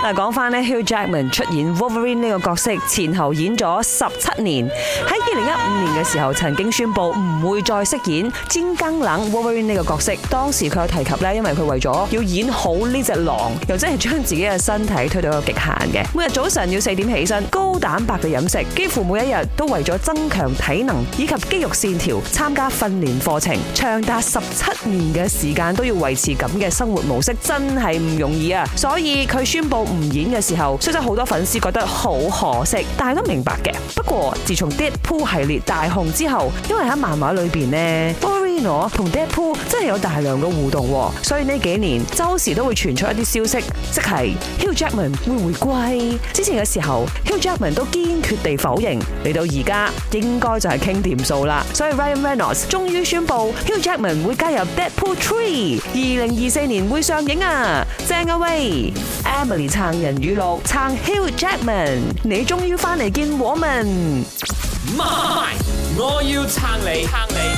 嗱，講翻 Hugh Jackman 出演 Wolverine 呢個角色，前後演咗十七年。喺二零一五年嘅時候，曾經宣佈唔會再飾演尖更冷 Wolverine 呢個角色。當時佢有提及咧，因為佢為咗要演好呢隻狼，又真係將自己嘅身體推到個極限嘅。每日早上要四點起身，高蛋白嘅飲食，幾乎每一日都為咗增強體能以及肌肉線條，參加訓練課程。長達十七年嘅時間都要維持咁嘅生活模式，真係唔容易啊！所以佢宣佈唔演嘅時候，雖然好多粉絲覺得好可惜，但係都明白嘅。不過自從 Deadpool 系列大紅之後，因為喺漫畫裏邊呢。我同 Deadpool 真係有大量嘅互動，所以呢幾年周時都會傳出一啲消息，即係 Hugh Jackman 會回歸。之前嘅時候，Hugh Jackman 都堅決地否認。嚟到而家，應該就係傾掂數啦。所以 Ryan Reynolds 終於宣布 Hugh Jackman 會加入 Deadpool Three，二零二四年會上映啊！正啊喂 Emily 撐人語錄，撐 Hugh Jackman，你終於翻嚟見我哋，媽咪，我要撐你，撐你。